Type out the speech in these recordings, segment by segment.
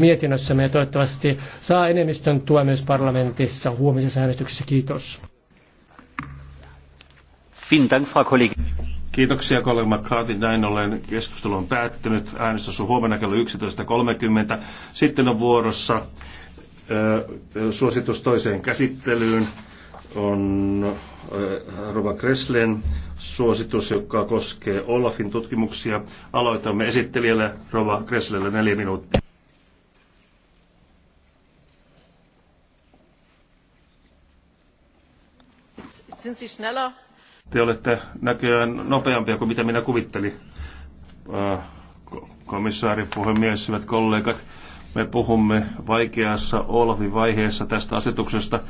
mietinnössämme ja toivottavasti saa enemmistön tuen myös parlamentissa huomisessa äänestyksessä. Kiitos. Kiitoksia kollega McCarthy. Näin ollen keskustelu on päättynyt. Äänestys on huomenna kello 11.30. Sitten on vuorossa suositus toiseen käsittelyyn on Rova Kreslen suositus, joka koskee Olafin tutkimuksia. Aloitamme esittelijälle Rova Kreslellä neljä minuuttia. Sind Sie schneller? Te olette näköjään nopeampia kuin mitä minä kuvittelin. Äh, komissaari, puhemies, hyvät kollegat, me puhumme vaikeassa olvivaiheessa tästä asetuksesta,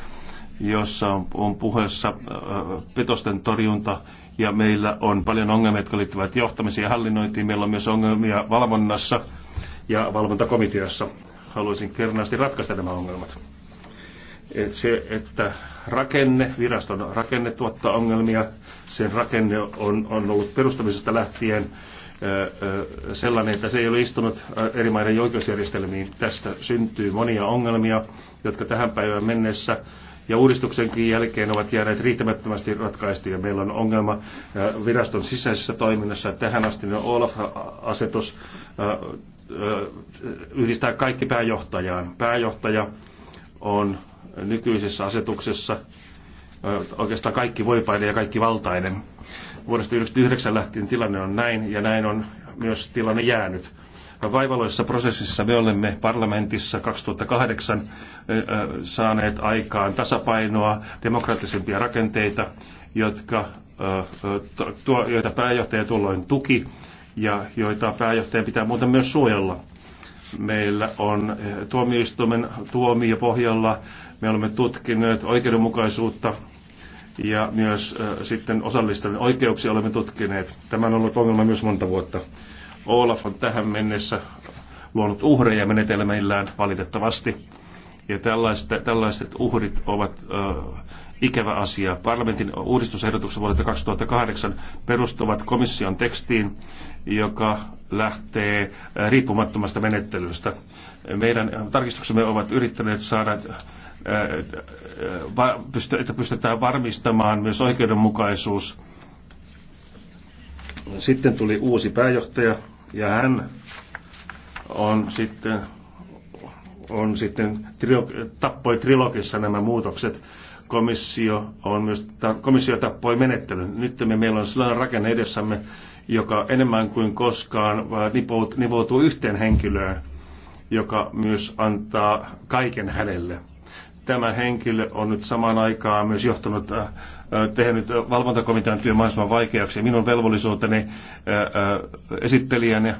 jossa on, on puheessa äh, petosten torjunta ja meillä on paljon ongelmia, jotka liittyvät johtamiseen ja hallinnointiin. Meillä on myös ongelmia valvonnassa ja valvontakomiteassa. Haluaisin kernaasti ratkaista nämä ongelmat se, että rakenne, viraston rakenne tuottaa ongelmia. Sen rakenne on, on ollut perustamisesta lähtien sellainen, että se ei ole istunut eri maiden oikeusjärjestelmiin. Tästä syntyy monia ongelmia, jotka tähän päivään mennessä ja uudistuksenkin jälkeen ovat jääneet riittämättömästi ratkaistuja. Meillä on ongelma viraston sisäisessä toiminnassa. Tähän asti Olaf-asetus yhdistää kaikki pääjohtajaan. Pääjohtaja on nykyisessä asetuksessa oikeastaan kaikki voipainen ja kaikki valtainen. Vuodesta 1999 lähtien tilanne on näin ja näin on myös tilanne jäänyt. Vaivaloissa prosessissa me olemme parlamentissa 2008 saaneet aikaan tasapainoa, demokraattisempia rakenteita, jotka, joita pääjohtaja tuolloin tuki ja joita pääjohtajan pitää muuten myös suojella meillä on tuomioistuimen tuomio pohjalla me olemme tutkineet oikeudenmukaisuutta ja myös sitten osallistavien oikeuksia olemme tutkineet. Tämä on ollut ongelma myös monta vuotta. Olaf on tähän mennessä luonut uhreja menetelmillään valitettavasti. Ja tällaiset, tällaiset uhrit ovat äh, ikävä asia. Parlamentin uudistusehdotukset vuodelta 2008 perustuvat komission tekstiin, joka lähtee riippumattomasta menettelystä. Meidän tarkistuksemme ovat yrittäneet saada että pystytään varmistamaan myös oikeudenmukaisuus. Sitten tuli uusi pääjohtaja ja hän on sitten on sitten tappoi trilogissa nämä muutokset. Komissio, on myös, komissio tappoi menettelyn. Nyt me, meillä on sellainen rakenne edessämme, joka enemmän kuin koskaan nivoutuu yhteen henkilöön, joka myös antaa kaiken hänelle. Tämä henkilö on nyt samaan aikaan myös johtanut äh, äh, tehnyt valvontakomitean työn mahdollisimman vaikeaksi. Minun velvollisuuteni äh, esittelijänä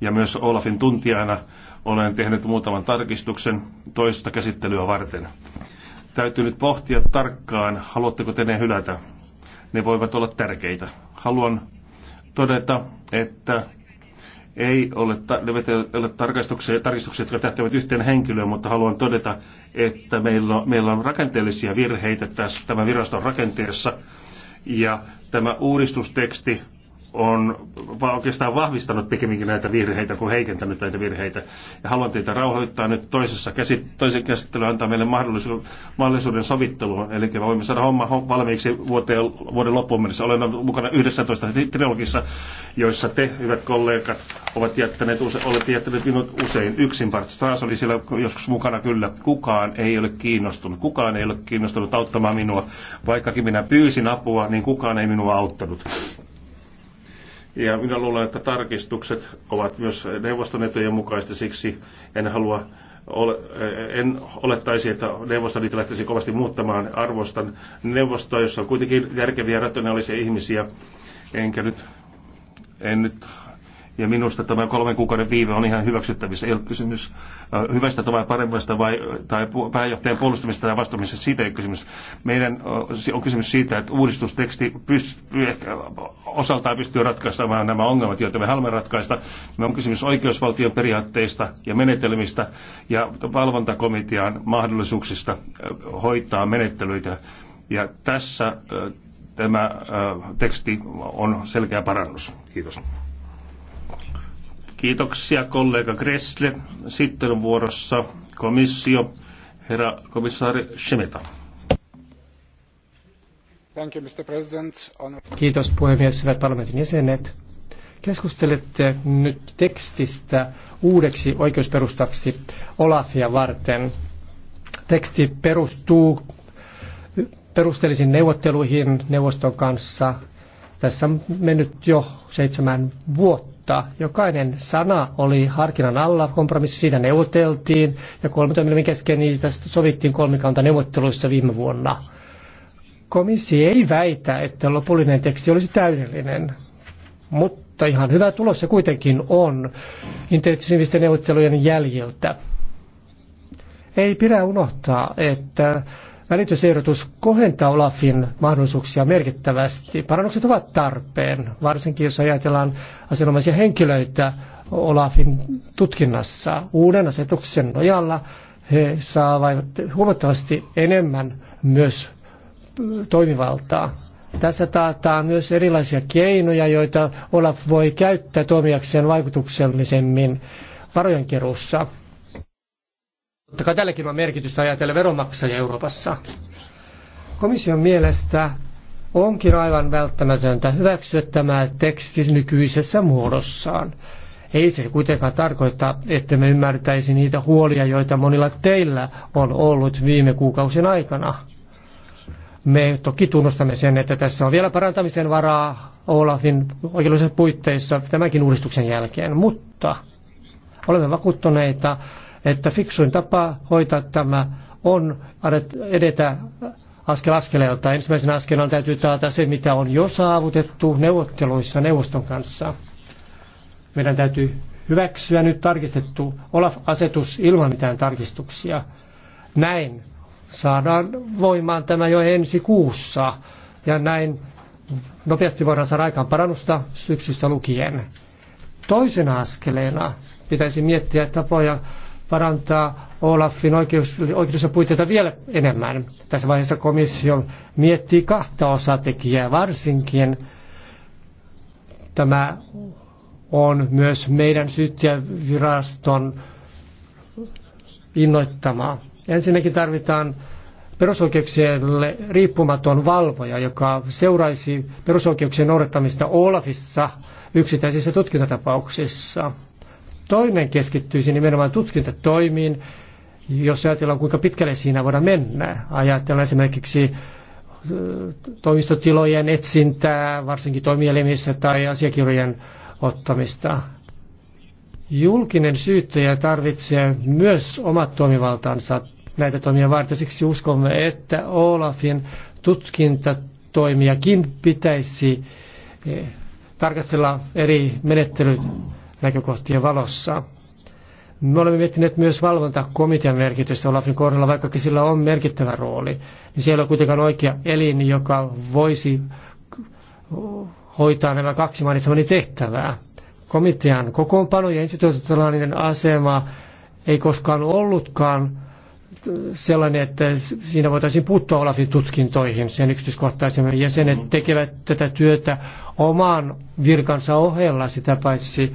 ja myös Olafin tuntijana olen tehnyt muutaman tarkistuksen toista käsittelyä varten. Täytyy nyt pohtia tarkkaan, haluatteko te ne hylätä. Ne voivat olla tärkeitä. Haluan todeta, että ei ole, ta- ole tarkistuksia, tarkistuksia, jotka tähtävät yhteen henkilöön, mutta haluan todeta, että meillä on, meillä on rakenteellisia virheitä tässä tämän viraston rakenteessa. Ja tämä uudistusteksti on oikeastaan vahvistanut pikemminkin näitä virheitä kuin heikentänyt näitä virheitä. Ja haluan teitä rauhoittaa nyt toisessa käsit- toisen käsittely antaa meille mahdollisuuden, mahdollisuuden sovitteluun. Eli me voimme saada homma valmiiksi vuoteen, vuoden loppuun mennessä. Olen mukana 11 trilogissa, joissa te, hyvät kollegat, ovat jättäneet use- olette jättäneet minut usein yksin. Bart oli siellä joskus mukana kyllä. Kukaan ei ole kiinnostunut. Kukaan ei ole kiinnostunut auttamaan minua. Vaikkakin minä pyysin apua, niin kukaan ei minua auttanut. Ja minä luulen, että tarkistukset ovat myös neuvoston etujen mukaista, siksi en halua ole, en olettaisi, että neuvostoliitto lähtisi kovasti muuttamaan arvostan neuvostoa, jossa on kuitenkin järkeviä rationaalisia ihmisiä. Enkä nyt, en nyt ja minusta tämä kolmen kuukauden viive on ihan hyväksyttävissä. Ei ole kysymys hyvästä tai paremmasta vai, tai pääjohtajan puolustamista tai vastuumisesta. Siitä ei ole kysymys. Meidän on kysymys siitä, että uudistusteksti pystyy ehkä osaltaan pystyy ratkaisemaan nämä ongelmat, joita me haluamme ratkaista. Me on kysymys oikeusvaltion periaatteista ja menetelmistä ja valvontakomitean mahdollisuuksista hoitaa menettelyitä. Ja tässä tämä teksti on selkeä parannus. Kiitos. Kiitoksia kollega Gressle. Sitten on vuorossa komissio, herra komissaari Shemeta. Kiitos puhemies, hyvät parlamentin jäsenet. Keskustelette nyt tekstistä uudeksi oikeusperustaksi Olafia varten. Teksti perustuu perusteellisiin neuvotteluihin neuvoston kanssa. Tässä on mennyt jo seitsemän vuotta mutta jokainen sana oli harkinnan alla, kompromissi siitä neuvoteltiin ja kolmitoimien kesken niistä sovittiin kolmikanta neuvotteluissa viime vuonna. Komissi ei väitä, että lopullinen teksti olisi täydellinen, mutta ihan hyvä tulos se kuitenkin on intensiivisten neuvottelujen jäljiltä. Ei pidä unohtaa, että Välitysehdotus kohentaa Olafin mahdollisuuksia merkittävästi. Parannukset ovat tarpeen, varsinkin jos ajatellaan asianomaisia henkilöitä Olafin tutkinnassa. Uuden asetuksen nojalla he saavat huomattavasti enemmän myös toimivaltaa. Tässä taataan myös erilaisia keinoja, joita Olaf voi käyttää toimijakseen vaikutuksellisemmin varojen keruussa. Totta kai tälläkin on merkitystä ajatella veronmaksajia Euroopassa. Komission mielestä onkin aivan välttämätöntä hyväksyä tämä teksti nykyisessä muodossaan. Ei se kuitenkaan tarkoita, että me ymmärtäisi niitä huolia, joita monilla teillä on ollut viime kuukausien aikana. Me toki tunnustamme sen, että tässä on vielä parantamisen varaa Olafin oikeudellisissa puitteissa tämänkin uudistuksen jälkeen, mutta olemme vakuuttuneita, että fiksuin tapa hoitaa tämä on edetä askel askeleelta. Ensimmäisenä askeleen täytyy taata se, mitä on jo saavutettu neuvotteluissa neuvoston kanssa. Meidän täytyy hyväksyä nyt tarkistettu Olaf-asetus ilman mitään tarkistuksia. Näin saadaan voimaan tämä jo ensi kuussa ja näin nopeasti voidaan saada aikaan parannusta syksystä lukien. Toisena askeleena pitäisi miettiä tapoja parantaa Olafin oikeudessa puitteita vielä enemmän. Tässä vaiheessa komissio miettii kahta osatekijää, varsinkin tämä on myös meidän syyttäjäviraston innoittamaa. Ensinnäkin tarvitaan perusoikeuksille riippumaton valvoja, joka seuraisi perusoikeuksien noudattamista Olafissa yksittäisissä tutkintatapauksissa. Toinen keskittyisi nimenomaan tutkintatoimiin, jos ajatellaan kuinka pitkälle siinä voidaan mennä. Ajatellaan esimerkiksi toimistotilojen etsintää, varsinkin toimielimissä tai asiakirjojen ottamista. Julkinen syyttäjä tarvitsee myös omat toimivaltaansa näitä toimia varten. Siksi uskomme, että Olafin tutkintatoimiakin pitäisi eh, tarkastella eri menettelyt näkökohtien valossa. Me olemme miettineet myös valvontakomitean merkitystä Olafin kohdalla, vaikka sillä on merkittävä rooli. Niin siellä on kuitenkaan oikea elin, joka voisi hoitaa nämä kaksi mainitsemani tehtävää. Komitean kokoonpano ja institutionaalinen asema ei koskaan ollutkaan sellainen, että siinä voitaisiin puuttua Olafin tutkintoihin sen yksityiskohtaisemmin. Jäsenet tekevät tätä työtä oman virkansa ohella sitä paitsi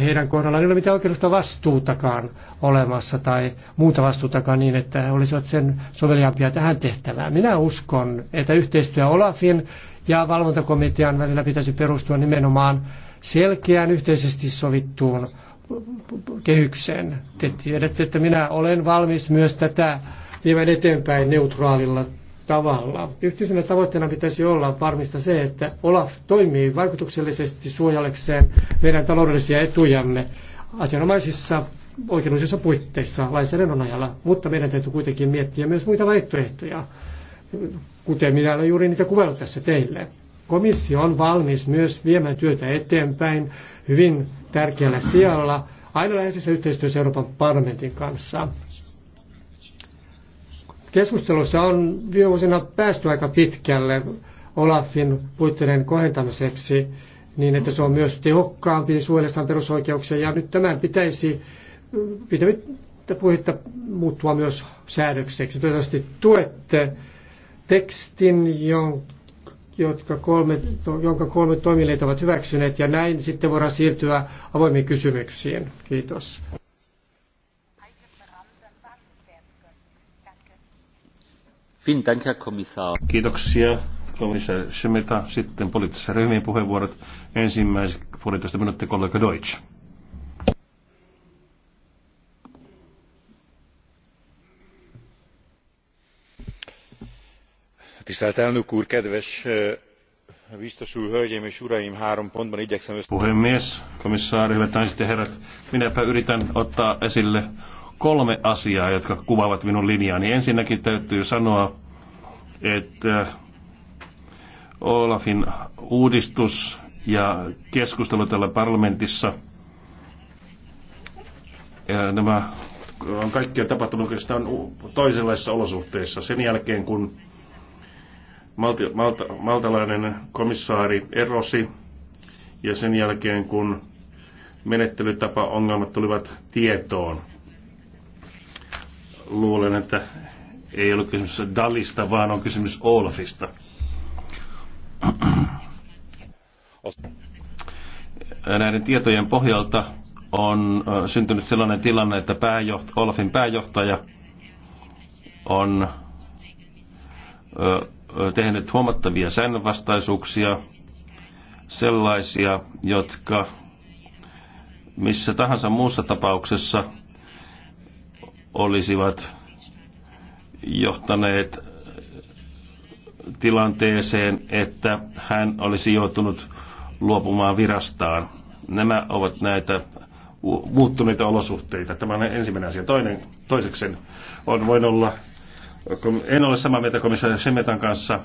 heidän kohdallaan ei ole mitään oikeudesta vastuutakaan olemassa tai muuta vastuutakaan niin, että he olisivat sen soveliaampia tähän tehtävään. Minä uskon, että yhteistyö Olafin ja valvontakomitean välillä pitäisi perustua nimenomaan selkeään yhteisesti sovittuun kehykseen. Te tiedätte, että minä olen valmis myös tätä viemään eteenpäin neutraalilla tavalla. Yhteisenä tavoitteena pitäisi olla varmistaa se, että Olaf toimii vaikutuksellisesti suojallekseen meidän taloudellisia etujamme asianomaisissa oikeudellisissa puitteissa lainsäädännön ajalla, mutta meidän täytyy kuitenkin miettiä myös muita vaihtoehtoja, kuten minä olen juuri niitä kuvailut tässä teille. Komissio on valmis myös viemään työtä eteenpäin hyvin tärkeällä sijalla, aina läheisessä yhteistyössä Euroopan parlamentin kanssa. Keskustelussa on viime vuosina päästy aika pitkälle Olafin puitteiden kohentamiseksi niin, että se on myös tehokkaampi suojelessaan perusoikeuksia. Ja nyt tämän pitäisi pitämättä puhetta muuttua myös säädökseksi. Toivottavasti tuette tekstin, jotka kolme, jonka kolme toimijat ovat hyväksyneet, ja näin sitten voidaan siirtyä avoimiin kysymyksiin. Kiitos. Kiitoksia komissaari Schmeta. Sitten poliittisessa ryhmien puheenvuorot. Ensimmäiset puolitoista minuuttia kollega Deutsch. Tisztelt elnök úr, kedves eh, biztos úr, hölgyeim és uraim, három pontban igyekszem össze... Puhemies, komissaari, hyvät naiset ja herrat, minäpä yritän ottaa esille kolme asiaa, jotka kuvaavat minun linjaani. Ensinnäkin täytyy sanoa, että Olafin uudistus ja keskustelu täällä parlamentissa, ja nämä on kaikkia tapahtunut oikeastaan toisenlaisissa olosuhteissa. Sen jälkeen, kun malti, malta, maltalainen komissaari erosi ja sen jälkeen, kun menettelytapa-ongelmat tulivat tietoon – luulen, että ei ole kysymys Dalista, vaan on kysymys Olafista. Näiden tietojen pohjalta on syntynyt sellainen tilanne, että pääjoht- Olafin pääjohtaja on tehnyt huomattavia säännönvastaisuuksia, sellaisia, jotka missä tahansa muussa tapauksessa – olisivat johtaneet tilanteeseen, että hän olisi joutunut luopumaan virastaan. Nämä ovat näitä muuttuneita olosuhteita. Tämä on ensimmäinen asia. Toinen, toiseksi on, voin olla, en ole samaa mieltä komissaari Semetan kanssa,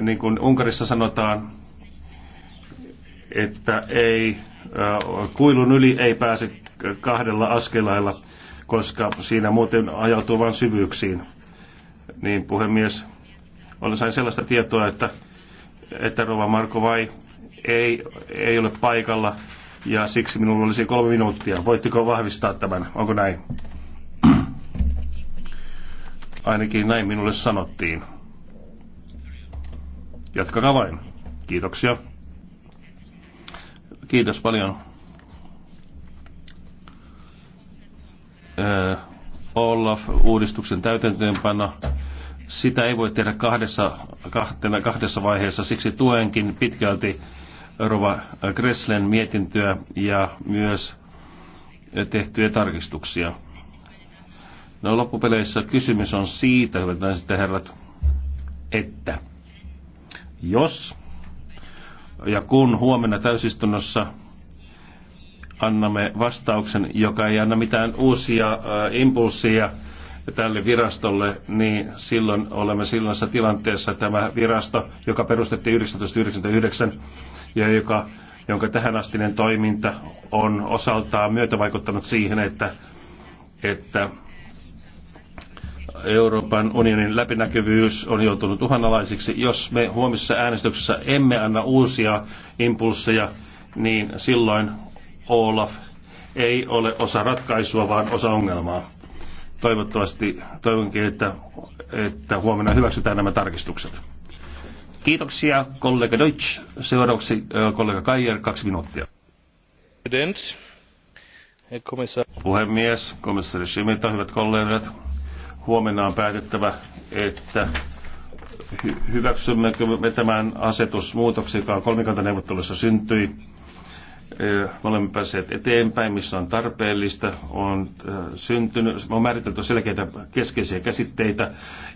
niin kuin Unkarissa sanotaan, että ei, kuilun yli ei pääse kahdella askelailla koska siinä muuten ajautuu vain syvyyksiin. Niin puhemies, olen sain sellaista tietoa, että, että Rova Marko Vai ei, ei ole paikalla ja siksi minulla olisi kolme minuuttia. Voitteko vahvistaa tämän? Onko näin? Ainakin näin minulle sanottiin. Jatkakaa vain. Kiitoksia. Kiitos paljon. Äh, Olaf-uudistuksen täytäntöönpano. Sitä ei voi tehdä kahdessa, kahtena, kahdessa vaiheessa, siksi tuenkin pitkälti Rova Gresslen mietintöä ja myös tehtyjä tarkistuksia. No loppupeleissä kysymys on siitä, hyvät naiset ja herrat, että jos ja kun huomenna täysistunnossa annamme vastauksen, joka ei anna mitään uusia äh, impulssia tälle virastolle, niin silloin olemme silloisessa tilanteessa tämä virasto, joka perustettiin 1999 ja joka, jonka tähänastinen toiminta on osaltaan myötävaikuttanut siihen, että, että Euroopan unionin läpinäkyvyys on joutunut uhanalaisiksi. Jos me huomisessa äänestyksessä emme anna uusia impulsseja, niin silloin Olaf ei ole osa ratkaisua, vaan osa ongelmaa. Toivottavasti toivonkin, että, että huomenna hyväksytään nämä tarkistukset. Kiitoksia kollega Deutsch. Seuraavaksi kollega Kajer, kaksi minuuttia. Puhemies, komissaari Schimilta, hyvät kollegat. Huomenna on päätettävä, että hyväksymmekö me tämän asetusmuutoksen, joka kolmikantaneuvottelussa syntyi me olemme päässeet eteenpäin, missä on tarpeellista, on syntynyt, on määritelty selkeitä keskeisiä käsitteitä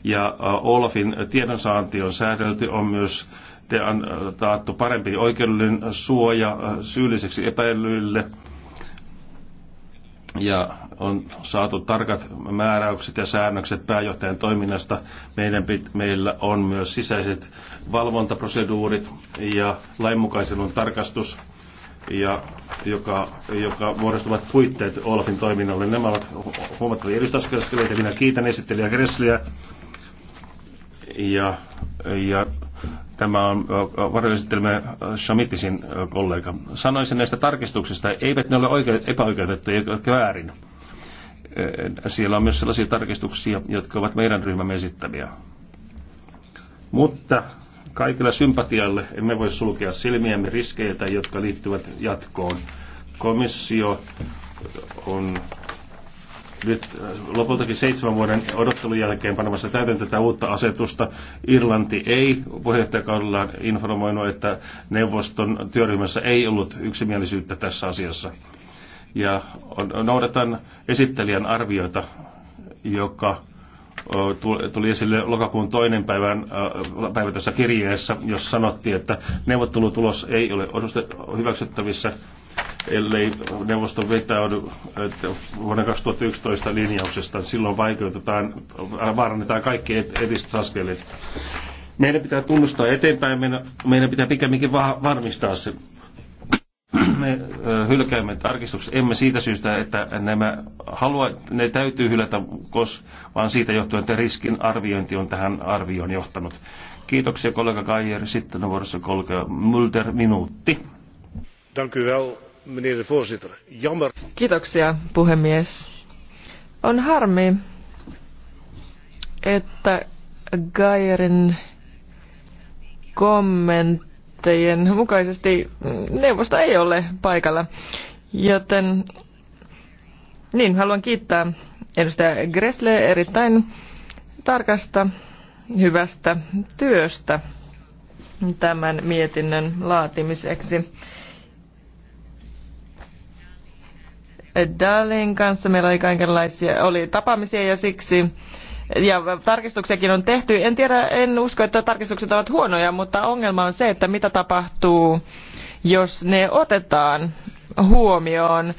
ja Olafin tiedonsaanti on säädelty, on myös taattu parempi oikeudellinen suoja syylliseksi epäilyille ja on saatu tarkat määräykset ja säännökset pääjohtajan toiminnasta. Meidän pit, meillä on myös sisäiset valvontaproseduurit ja lainmukaisen tarkastus ja joka, joka muodostuvat puitteet Olafin toiminnalle. Nämä ovat huomattavia edustaskeleita. Minä kiitän esittelijä Gressliä. Ja, ja tämä on äh, varjoesittelemme Shamitisin äh, kollega. Sanoisin näistä tarkistuksista, eivät ne ole oikein, epäoikeutettuja eikä väärin. Äh, siellä on myös sellaisia tarkistuksia, jotka ovat meidän ryhmämme esittäviä. Mutta Kaikilla sympatialle emme voi sulkea silmiämme riskeiltä, jotka liittyvät jatkoon. Komissio on nyt äh, lopultakin seitsemän vuoden odottelun jälkeen panemassa täytäntöön tätä uutta asetusta. Irlanti ei puheenjohtajakaudellaan informoinut, että neuvoston työryhmässä ei ollut yksimielisyyttä tässä asiassa. Ja noudatan esittelijän arviota, joka tuli esille lokakuun toinen päivän, päivä tässä kirjeessä, jossa sanottiin, että neuvottelutulos ei ole hyväksyttävissä, ellei neuvosto vetäydy vuonna 2011 linjauksesta. Silloin vaikeutetaan, vaarannetaan kaikki edistysaskeleet. Meidän pitää tunnustaa eteenpäin, meidän pitää pikemminkin varmistaa se. Me hylkäämme tarkistukset, emme siitä syystä, että nämä halua, ne täytyy hylätä, vaan siitä johtuen, että riskin arviointi on tähän arvioon johtanut. Kiitoksia kollega Kajer, Sitten on vuorossa kollega Mulder, minuutti. Kiitoksia, puhemies. On harmi, että Geierin kommentti sääntöjen mukaisesti neuvosta ei ole paikalla. Joten niin, haluan kiittää edustaja Gressle erittäin tarkasta, hyvästä työstä tämän mietinnön laatimiseksi. Darlin kanssa meillä oli kaikenlaisia oli tapaamisia ja siksi ja tarkistuksiakin on tehty. En tiedä, en usko, että tarkistukset ovat huonoja, mutta ongelma on se, että mitä tapahtuu, jos ne otetaan huomioon.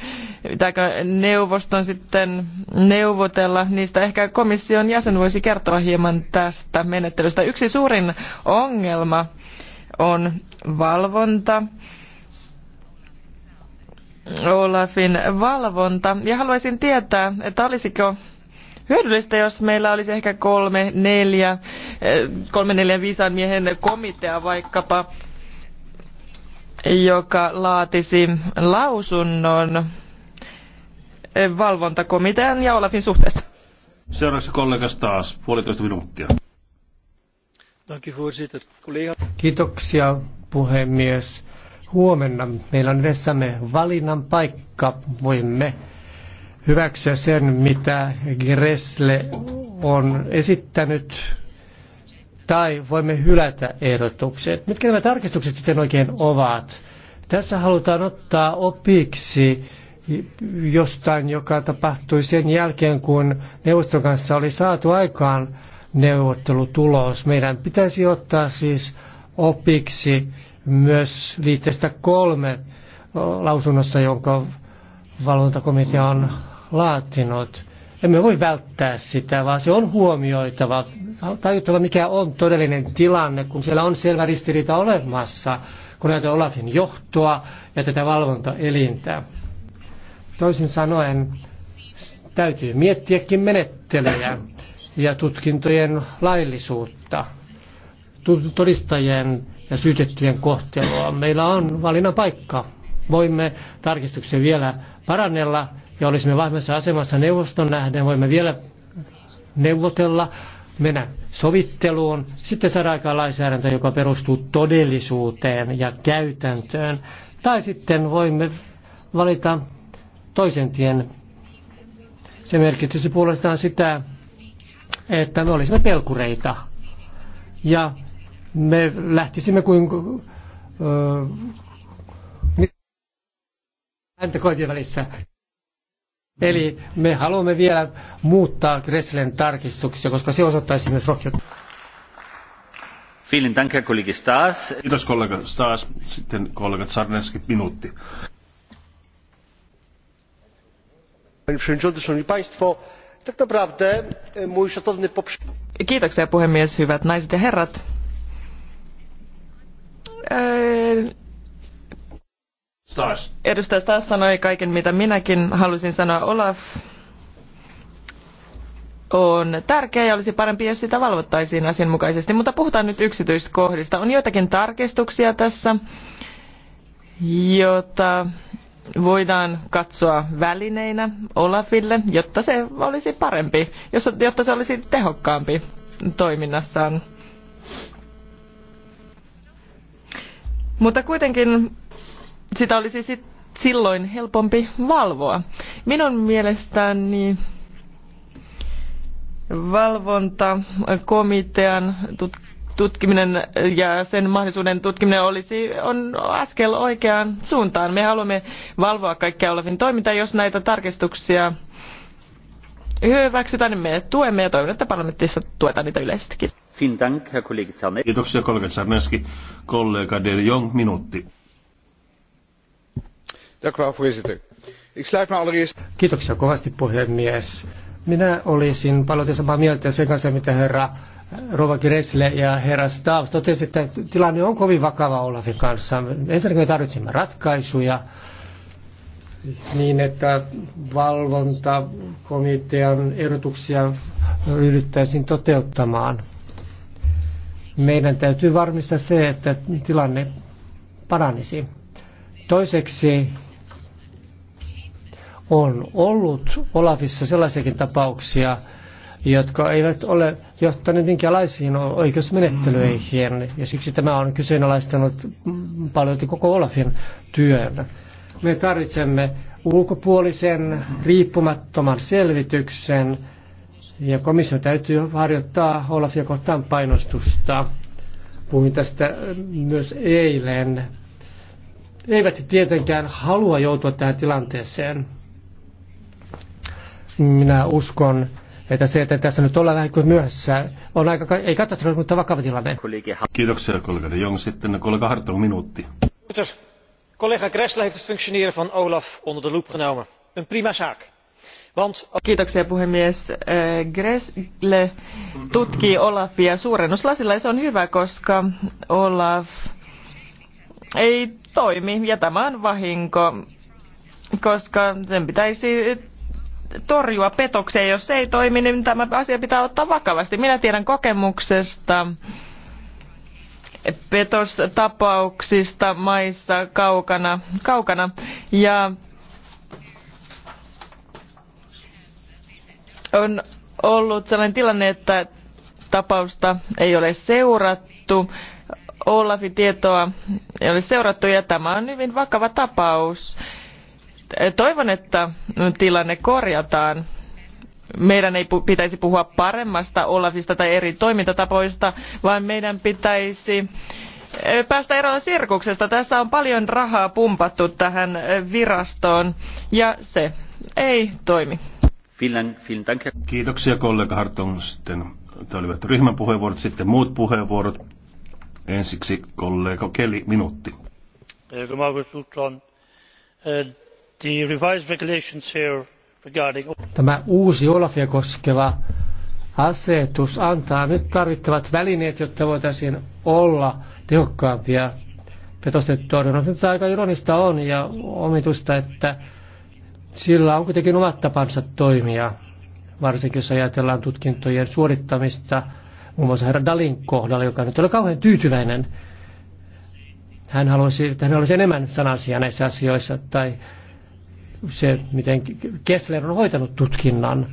Pitääkö neuvoston sitten neuvotella niistä? Ehkä komission jäsen voisi kertoa hieman tästä menettelystä. Yksi suurin ongelma on valvonta. Olafin valvonta. Ja haluaisin tietää, että olisiko hyödyllistä, jos meillä olisi ehkä kolme, neljä, eh, kolme, neljä, viisaan miehen komitea vaikkapa, joka laatisi lausunnon eh, valvontakomitean ja Olafin suhteessa. Seuraavaksi kollegas taas puolitoista minuuttia. Kiitoksia puhemies. Huomenna meillä on edessämme valinnan paikka. Voimme hyväksyä sen, mitä Gressle on esittänyt, tai voimme hylätä ehdotukset. Mitkä nämä tarkistukset sitten oikein ovat? Tässä halutaan ottaa opiksi jostain, joka tapahtui sen jälkeen, kun neuvoston kanssa oli saatu aikaan neuvottelutulos. Meidän pitäisi ottaa siis opiksi myös liitteestä kolme lausunnossa, jonka valvontakomitea on laatinut. Emme voi välttää sitä, vaan se on huomioitava, tajuttava mikä on todellinen tilanne, kun siellä on selvä ristiriita olemassa, kun näitä Olafin johtoa ja tätä valvontaelintä. Toisin sanoen, täytyy miettiäkin menettelyjä ja tutkintojen laillisuutta, todistajien ja syytettyjen kohtelua. Meillä on valinnan paikka. Voimme tarkistuksen vielä parannella ja olisimme vahvemmassa asemassa neuvoston nähden, voimme vielä neuvotella, mennä sovitteluun, sitten saada aikaan lainsäädäntö, joka perustuu todellisuuteen ja käytäntöön, tai sitten voimme valita toisen tien. Se merkitsisi puolestaan sitä, että me olisimme pelkureita ja me lähtisimme kuin häntä koivien välissä. Eli me haluamme vielä muuttaa Gresslen tarkistuksia, koska se osoittaisi myös rohkeutta. Vielen Dank, Herr Kollege Kiitos kollega Stas, Sitten kollega Czarneski, minuutti. Panie Przewodniczący, Szanowni Państwo, tak naprawdę e, mój szacowny Kiitoksia puhemies, hyvät naiset ja herrat. Öö Stas. Edustaja Stas sanoi kaiken, mitä minäkin halusin sanoa. Olaf on tärkeä ja olisi parempi, jos sitä valvottaisiin asianmukaisesti. Mutta puhutaan nyt yksityiskohdista. On joitakin tarkistuksia tässä, jota voidaan katsoa välineinä Olafille, jotta se olisi parempi, jotta se olisi tehokkaampi toiminnassaan. Mutta kuitenkin sitä olisi sit silloin helpompi valvoa. Minun mielestäni valvontakomitean tutkiminen ja sen mahdollisuuden tutkiminen olisi on askel oikeaan suuntaan. Me haluamme valvoa kaikkea olevin toimintaa, jos näitä tarkistuksia hyväksytään, niin me tuemme ja toivon, että parlamentissa tuetaan niitä yleisestikin. Kiitoksia kollega Sarneski. Kollega De Jong, minuutti. Kiitoksia kovasti puhemies. Minä olisin paljon samaa mieltä sen kanssa, mitä herra eh, Rova Gressle ja herra Stav totesivat, että tilanne on kovin vakava Olafin kanssa. Ensinnäkin me tarvitsemme ratkaisuja niin, että valvontakomitean ehdotuksia ryhdyttäisiin toteuttamaan. Meidän täytyy varmistaa se, että tilanne paranisi. Toiseksi on ollut Olafissa sellaisiakin tapauksia, jotka eivät ole johtaneet minkälaisiin oikeusmenettelyihin, ja siksi tämä on kyseenalaistanut paljon koko Olafin työn. Me tarvitsemme ulkopuolisen riippumattoman selvityksen, ja komissio täytyy harjoittaa Olafia kohtaan painostusta. Puhuin tästä myös eilen. Eivät tietenkään halua joutua tähän tilanteeseen minä uskon, että se, että tässä nyt ollaan vähän kuin myöhässä, on aika, ei katastrofi, mutta vakava tilanne. Kiitoksia kollega de Jong. Sitten kollega Hartel, minuutti. Kiitos. Collega Gressler heeft het functioneren van Olaf onder de loep genomen. Een prima zaak. Want... Kiitoksia puhemies. Eh, Gressle tutkii Olafia suurennuslasilla ja se on hyvä, koska Olaf ei toimi ja tämä on vahinko, koska sen pitäisi torjua petoksia. Jos se ei toimi, niin tämä asia pitää ottaa vakavasti. Minä tiedän kokemuksesta petostapauksista maissa kaukana, kaukana ja on ollut sellainen tilanne, että tapausta ei ole seurattu. Olafin tietoa ei ole seurattu ja tämä on hyvin vakava tapaus toivon, että tilanne korjataan. Meidän ei pitäisi puhua paremmasta Olafista tai eri toimintatapoista, vaan meidän pitäisi päästä eroon sirkuksesta. Tässä on paljon rahaa pumpattu tähän virastoon ja se ei toimi. Kiitoksia kollega Harton. Sitten olivat ryhmän puheenvuorot, sitten muut puheenvuorot. Ensiksi kollega Keli, minuutti. The revised regulations here regarding... Tämä uusi Olafia koskeva asetus antaa nyt tarvittavat välineet, jotta voitaisiin olla tehokkaampia petosten torjunnassa. Nyt aika ironista on ja omitusta, että sillä on kuitenkin omat tapansa toimia, varsinkin jos ajatellaan tutkintojen suorittamista muun muassa herra Dalin kohdalla, joka nyt oli kauhean tyytyväinen. Hän halusi, että hän olisi enemmän sanasia näissä asioissa tai se, miten Kessler on hoitanut tutkinnan.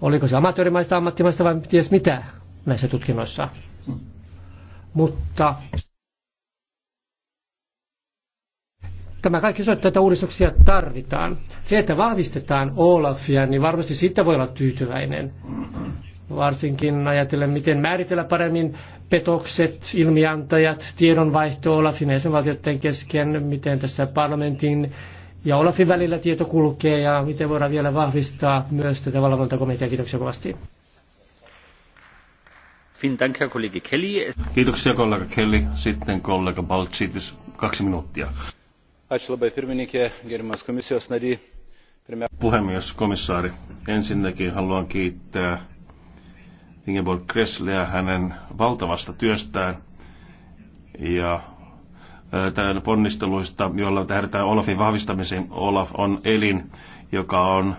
Oliko se amatöörimaista, ammattimaista vai ties mitä näissä tutkinnoissa. Mutta tämä kaikki osoittaa, että uudistuksia tarvitaan. Se, että vahvistetaan Olafia, niin varmasti siitä voi olla tyytyväinen. Varsinkin ajatellen, miten määritellä paremmin petokset, ilmiantajat, tiedonvaihto Olafin ja jäsenvaltioiden kesken, miten tässä parlamentin ja Olafin välillä tieto kulkee ja miten voidaan vielä vahvistaa myös tätä valvontakomitea Kiitoksia kovasti. Kiitoksia kollega Kelly. Sitten kollega Balčitis, kaksi minuuttia. Puhemies, komissaari, ensinnäkin haluan kiittää Ingeborg Kressleä hänen valtavasta työstään ja tämän ponnisteluista, joilla tähdätään Olafin vahvistamiseen. Olaf on elin, joka on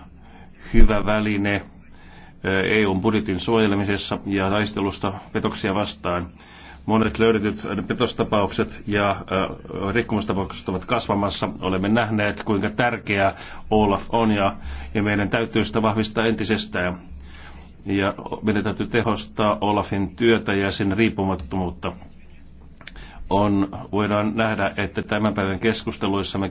hyvä väline EUn budjetin suojelemisessa ja taistelusta petoksia vastaan. Monet löydetyt petostapaukset ja rikkomustapaukset ovat kasvamassa. Olemme nähneet, kuinka tärkeä Olaf on ja, ja meidän täytyy sitä vahvistaa entisestään. Ja meidän täytyy tehostaa Olafin työtä ja sen riippumattomuutta on, voidaan nähdä, että tämän päivän keskusteluissa me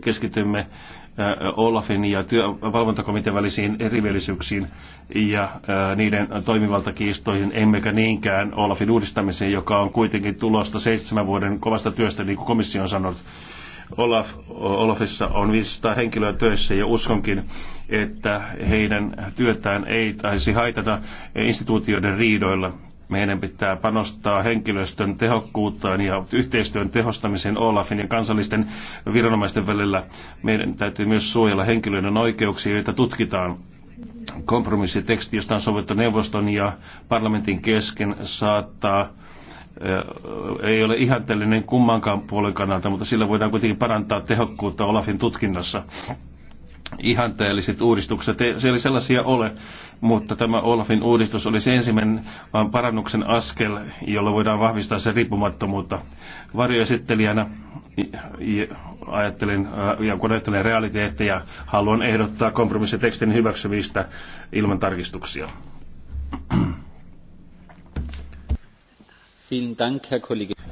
keskitymme äh, Olafin ja työ, valvontakomitean välisiin erimielisyyksiin ja äh, niiden toimivaltakiistoihin, emmekä niinkään Olafin uudistamiseen, joka on kuitenkin tulosta seitsemän vuoden kovasta työstä, niin kuin komissio on sanonut. Olaf, Olafissa on 500 henkilöä töissä ja uskonkin, että heidän työtään ei taisi haitata instituutioiden riidoilla meidän pitää panostaa henkilöstön tehokkuuteen ja yhteistyön tehostamiseen Olafin ja kansallisten viranomaisten välillä. Meidän täytyy myös suojella henkilöiden oikeuksia, joita tutkitaan kompromissiteksti, josta on sovittu neuvoston ja parlamentin kesken, saattaa eh, ei ole ihanteellinen kummankaan puolen kannalta, mutta sillä voidaan kuitenkin parantaa tehokkuutta Olafin tutkinnassa ihanteelliset uudistukset, siellä sellaisia ole, mutta tämä Olafin uudistus olisi ensimmäinen parannuksen askel, jolla voidaan vahvistaa sen riippumattomuutta. Varjoesittelijänä ajattelin, äh, ja kun ajattelen realiteetteja, haluan ehdottaa kompromissitekstin hyväksymistä ilman tarkistuksia.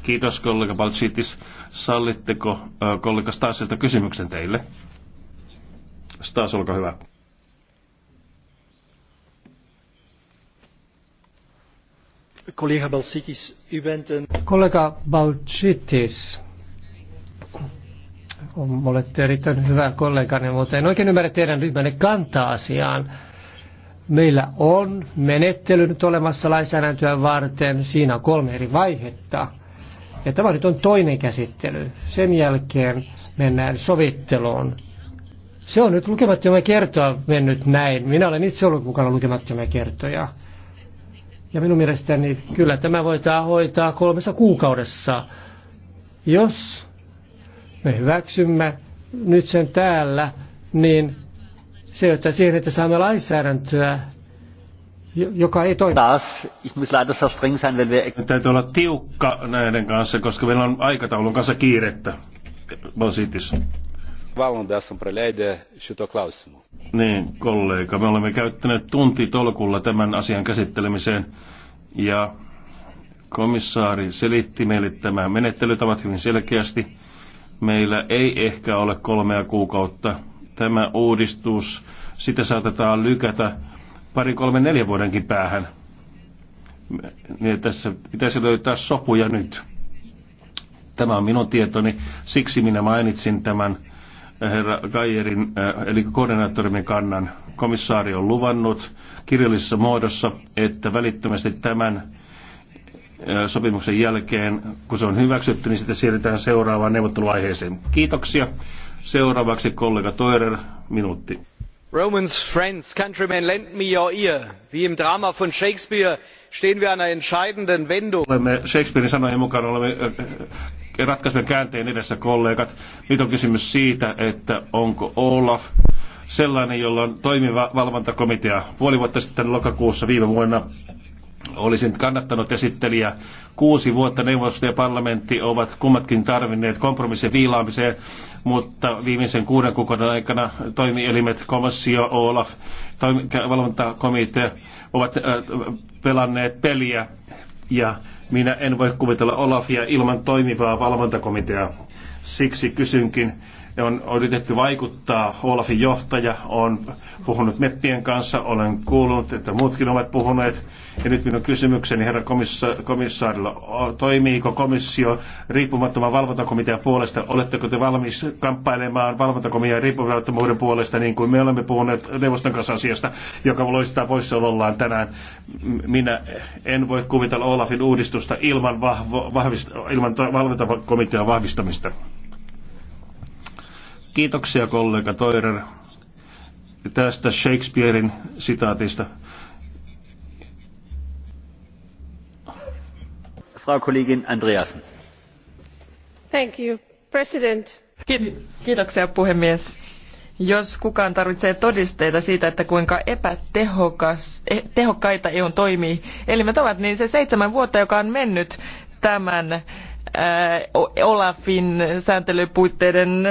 Kiitos kollega Balcitis. Sallitteko äh, kollega Stasilta kysymyksen teille? Stas, olkaa hyvä. Kollega Balsitis, Kollega Balsitis, olette erittäin hyvä kollegani, mutta en oikein ymmärrä teidän ryhmänne kantaa asiaan. Meillä on menettely nyt olemassa lainsäädäntöä varten. Siinä on kolme eri vaihetta. Ja tämä nyt on toinen käsittely. Sen jälkeen mennään sovitteluun. Se on nyt lukemattomia kertoja mennyt näin. Minä olen itse ollut mukana lukemattomia kertoja. Ja minun mielestäni kyllä tämä voidaan hoitaa kolmessa kuukaudessa, jos me hyväksymme nyt sen täällä, niin se johtaa siihen, että saamme lainsäädäntöä, joka ei toimi. Taas, ich muss leider so streng sein, wenn wir... Täytyy olla tiukka näiden kanssa, koska meillä on aikataulun kanssa kiirettä. Basitis valandą esam praleidę šito klausimu. Niin, kollega, me olemme käyttäneet tunti tolkulla tämän asian käsittelemiseen ja komissaari selitti meille tämä menettelytavat hyvin selkeästi. Meillä ei ehkä ole kolmea kuukautta. Tämä uudistus, sitä saatetaan lykätä pari, kolme, neljä vuodenkin päähän. Niin tässä pitäisi löytää sopuja nyt. Tämä on minun tietoni, siksi minä mainitsin tämän Äh, herra Gajerin, äh, eli koordinaattorimme kannan. Komissaari on luvannut kirjallisessa muodossa, että välittömästi tämän äh, sopimuksen jälkeen, kun se on hyväksytty, niin sitten siirrytään seuraavaan neuvotteluaiheeseen. Kiitoksia. Seuraavaksi kollega Toerer, minuutti. Romans, friends, countrymen, lend me your ear. Wie im Drama von Shakespeare stehen wir an einer entscheidenden Wendung. Olemme Shakespearein sanojen mukaan olemme ratkaisujen käänteen edessä kollegat. Nyt on kysymys siitä, että onko Olaf sellainen, jolla on toimiva valvontakomitea. Puoli vuotta sitten lokakuussa viime vuonna olisin kannattanut esittelijä. Kuusi vuotta neuvosto ja parlamentti ovat kummatkin tarvinneet kompromissin viilaamiseen, mutta viimeisen kuuden kuukauden aikana toimielimet, komissio, Olaf, valvontakomitea ovat pelanneet peliä ja minä en voi kuvitella Olafia ilman toimivaa valvontakomiteaa. Siksi kysynkin, on yritetty vaikuttaa. Olafin johtaja on puhunut meppien kanssa, olen kuullut, että muutkin ovat puhuneet. Ja nyt minun kysymykseni herra komissa- komissaarilla, toimiiko komissio riippumattoman valvontakomitean puolesta? Oletteko te valmis kamppailemaan valvontakomitean riippumattomuuden puolesta, niin kuin me olemme puhuneet neuvoston kanssa asiasta, joka loistaa poissaolollaan tänään? Minä en voi kuvitella Olafin uudistusta ilman, vahvo- vahvist- ilman valvontakomitean vahvistamista. Kiitoksia kollega Toirer tästä Shakespearein sitaatista. Frau Kollegin Andreasen. Thank you, President. Kiitoksia puhemies. Jos kukaan tarvitsee todisteita siitä, että kuinka epätehokkaita e, EU toimii, elimet ovat, niin se seitsemän vuotta, joka on mennyt tämän Olafin sääntelypuitteiden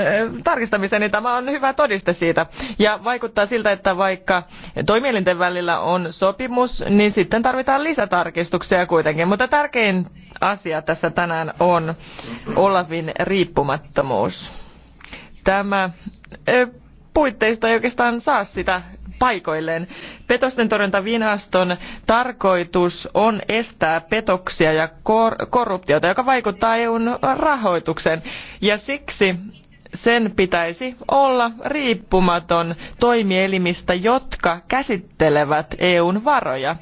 tarkistamiseen, niin tämä on hyvä todiste siitä. Ja vaikuttaa siltä, että vaikka toimielinten välillä on sopimus, niin sitten tarvitaan lisätarkistuksia kuitenkin. Mutta tärkein asia tässä tänään on Olafin riippumattomuus. Tämä puitteisto ei oikeastaan saa sitä paikoilleen. Petosten torjuntavinaston tarkoitus on estää petoksia ja kor- korruptiota, joka vaikuttaa EUn rahoitukseen. Ja siksi sen pitäisi olla riippumaton toimielimistä, jotka käsittelevät EUn varoja.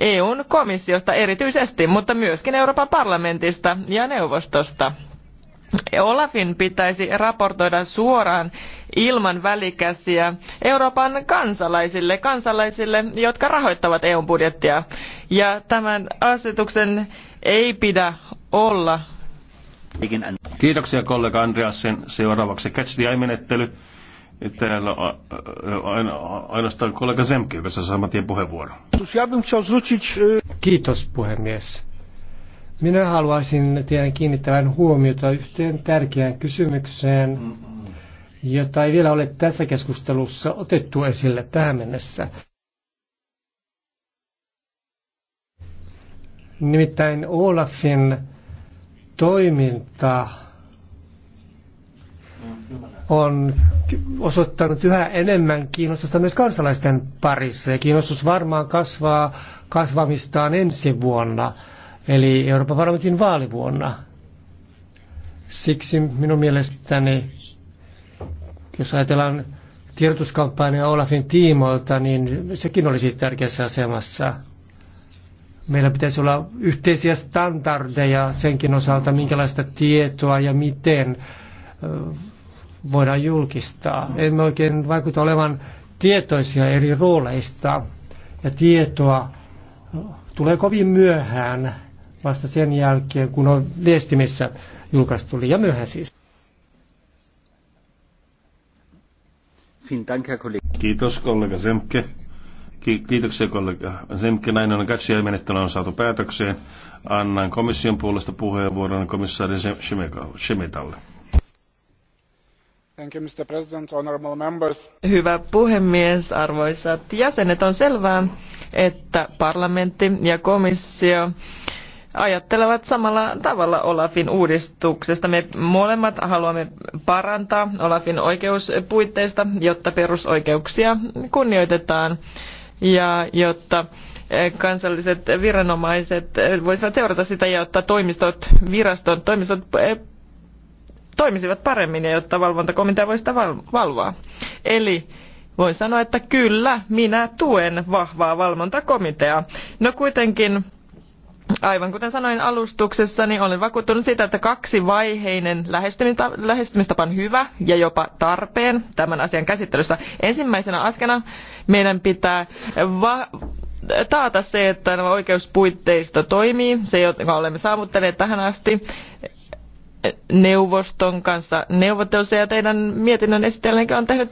EUn komissiosta erityisesti, mutta myöskin Euroopan parlamentista ja neuvostosta. Olafin pitäisi raportoida suoraan ilman välikäsiä Euroopan kansalaisille, kansalaisille, jotka rahoittavat EUn budjettia. Ja tämän asetuksen ei pidä olla. Kiitoksia kollega Andreasen. Seuraavaksi Catch the menettely Täällä on ainoastaan kollega Zemke, joka saa saman tien puheenvuoron. Kiitos puhemies. Minä haluaisin teidän kiinnittävän huomiota yhteen tärkeään kysymykseen, jota ei vielä ole tässä keskustelussa otettu esille tähän mennessä. Nimittäin Olafin toiminta on osoittanut yhä enemmän kiinnostusta myös kansalaisten parissa. Ja kiinnostus varmaan kasvaa kasvamistaan ensi vuonna – eli Euroopan parlamentin vaalivuonna. Siksi minun mielestäni, jos ajatellaan tiedotuskampanjaa Olafin tiimoilta, niin sekin olisi tärkeässä asemassa. Meillä pitäisi olla yhteisiä standardeja senkin osalta, minkälaista tietoa ja miten voidaan julkistaa. Emme oikein vaikuta olevan tietoisia eri rooleista ja tietoa tulee kovin myöhään vasta sen jälkeen, kun on viestimissä julkaistu liian myöhään siis. Kiitos kollega Semke. Kiitoksia kollega Semke. Näin on kaksi menettelyä on saatu päätökseen. Annan komission puolesta puheenvuoron komissaari Shemetalle. Thank you, Mr. President, honorable members. Hyvä puhemies, arvoisat jäsenet. On selvää, että parlamentti ja komissio ajattelevat samalla tavalla Olafin uudistuksesta. Me molemmat haluamme parantaa Olafin oikeuspuitteista, jotta perusoikeuksia kunnioitetaan ja jotta kansalliset viranomaiset voisivat seurata sitä, jotta toimistot, viraston toimistot eh, toimisivat paremmin ja jotta valvontakomitea voisi sitä valvoa. Eli voin sanoa, että kyllä, minä tuen vahvaa valvontakomiteaa. No kuitenkin Aivan kuten sanoin alustuksessa, niin olen vakuuttunut siitä, että kaksivaiheinen lähestymistapa on hyvä ja jopa tarpeen tämän asian käsittelyssä. Ensimmäisenä askena meidän pitää taata se, että nämä oikeuspuitteisto toimii, se jonka olemme saavuttaneet tähän asti, neuvoston kanssa neuvottelussa ja teidän mietinnön esittelijänkin on tehnyt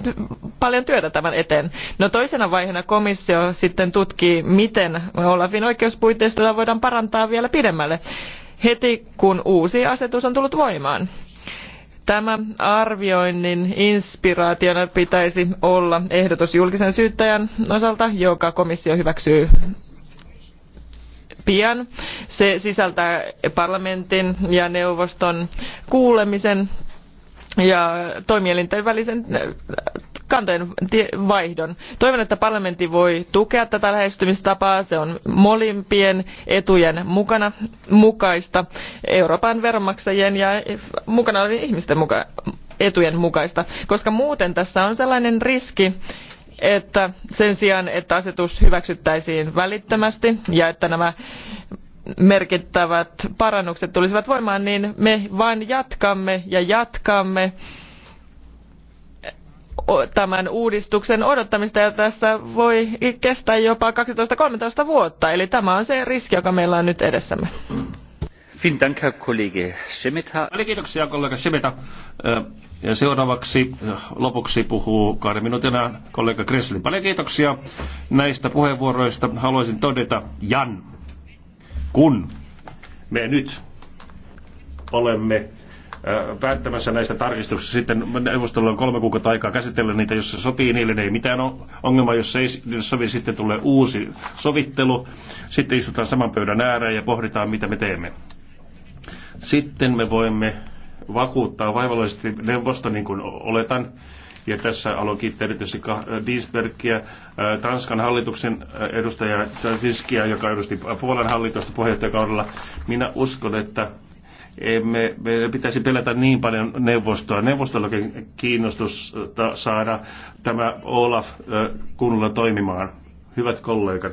paljon työtä tämän eteen. No toisena vaiheena komissio sitten tutkii, miten Olafin oikeuspuitteista voidaan parantaa vielä pidemmälle heti kun uusi asetus on tullut voimaan. Tämä arvioinnin inspiraationa pitäisi olla ehdotus julkisen syyttäjän osalta, joka komissio hyväksyy pian. Se sisältää parlamentin ja neuvoston kuulemisen ja toimielinten välisen äh, kantojen vaihdon. Toivon, että parlamentti voi tukea tätä lähestymistapaa. Se on molimpien etujen mukana, mukaista, Euroopan veronmaksajien ja mukana olevien ihmisten muka, etujen mukaista, koska muuten tässä on sellainen riski, että sen sijaan, että asetus hyväksyttäisiin välittömästi ja että nämä merkittävät parannukset tulisivat voimaan, niin me vain jatkamme ja jatkamme tämän uudistuksen odottamista ja tässä voi kestää jopa 12-13 vuotta. Eli tämä on se riski, joka meillä on nyt edessämme kiitoksia kollega Shemeta. Ja seuraavaksi lopuksi puhuu kahden minuutin kollega Kressli. Paljon kiitoksia näistä puheenvuoroista. Haluaisin todeta, Jan, kun me nyt olemme päättämässä näistä tarkistuksista. Sitten neuvostolla on kolme kuukautta aikaa käsitellä niitä, jos se sopii niin niille, ei mitään ongelmaa, jos se ei sovi, sitten tulee uusi sovittelu. Sitten istutaan saman pöydän ääreen ja pohditaan, mitä me teemme. Sitten me voimme vakuuttaa vaivallisesti neuvosto, niin kuin oletan, ja tässä haluan kiittää erityisesti äh, Dinsbergia, äh, Tanskan hallituksen äh, edustaja Fiskia joka edusti Puolan hallitusta puheenjohtajakaudella. Minä uskon, että emme me pitäisi pelätä niin paljon neuvostoa. Neuvostollakin kiinnostusta saada tämä Olaf kunnolla toimimaan. Hyvät kollegat,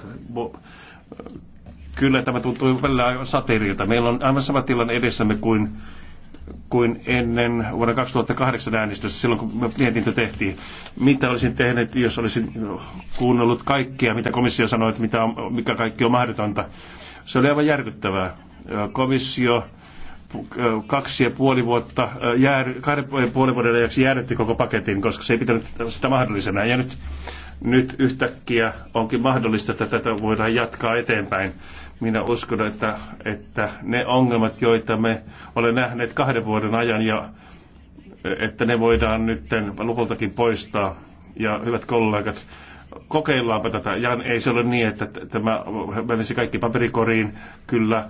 Kyllä tämä tuntuu välillä satirilta. Meillä on aivan sama tilanne edessämme kuin kuin ennen vuonna 2008 äänestystä, silloin kun mietintö tehtiin. Mitä olisin tehnyt, jos olisin kuunnellut kaikkia, mitä komissio sanoi, että mitä on, mikä kaikki on mahdotonta. Se oli aivan järkyttävää. Komissio kaksi ja puoli vuotta, jää, kahden ja puolen vuoden ajaksi jäädytti koko paketin, koska se ei pitänyt sitä mahdollisena. Ja nyt, nyt yhtäkkiä onkin mahdollista, että tätä voidaan jatkaa eteenpäin minä uskon, että, että ne ongelmat, joita me olemme nähneet kahden vuoden ajan, ja että ne voidaan nyt lopultakin poistaa. Ja hyvät kollegat, kokeillaanpa tätä. Jan, ei se ole niin, että tämä menisi kaikki paperikoriin. Kyllä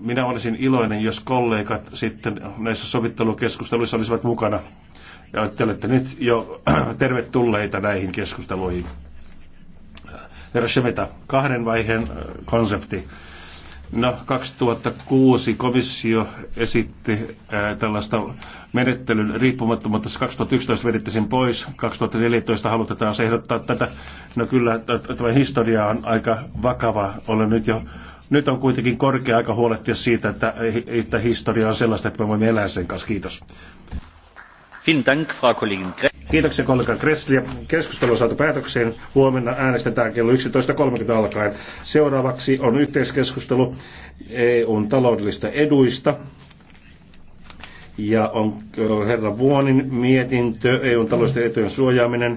minä olisin iloinen, jos kollegat sitten näissä sovittelukeskusteluissa olisivat mukana. Ja te olette nyt jo tervetulleita näihin keskusteluihin. Herra kahden vaiheen konsepti. No, 2006 komissio esitti ää, tällaista menettelyn riippumattomuutta. 2011 vedittiin sen pois, 2014 halutetaan se ehdottaa tätä. No kyllä, tämä historia on aika vakava. Olen nyt jo nyt on kuitenkin korkea aika huolehtia siitä, että, että historia on sellaista, että me voimme elää sen kanssa. Kiitos. Vielen Dank, Frau Kollegin Kiitoksia kollega Kressli. Keskustelu on saatu päätökseen. Huomenna äänestetään kello 11.30 alkaen. Seuraavaksi on yhteiskeskustelu EUn taloudellista eduista. Ja on herra Vuonin mietintö EUn taloudellisten etujen suojaaminen.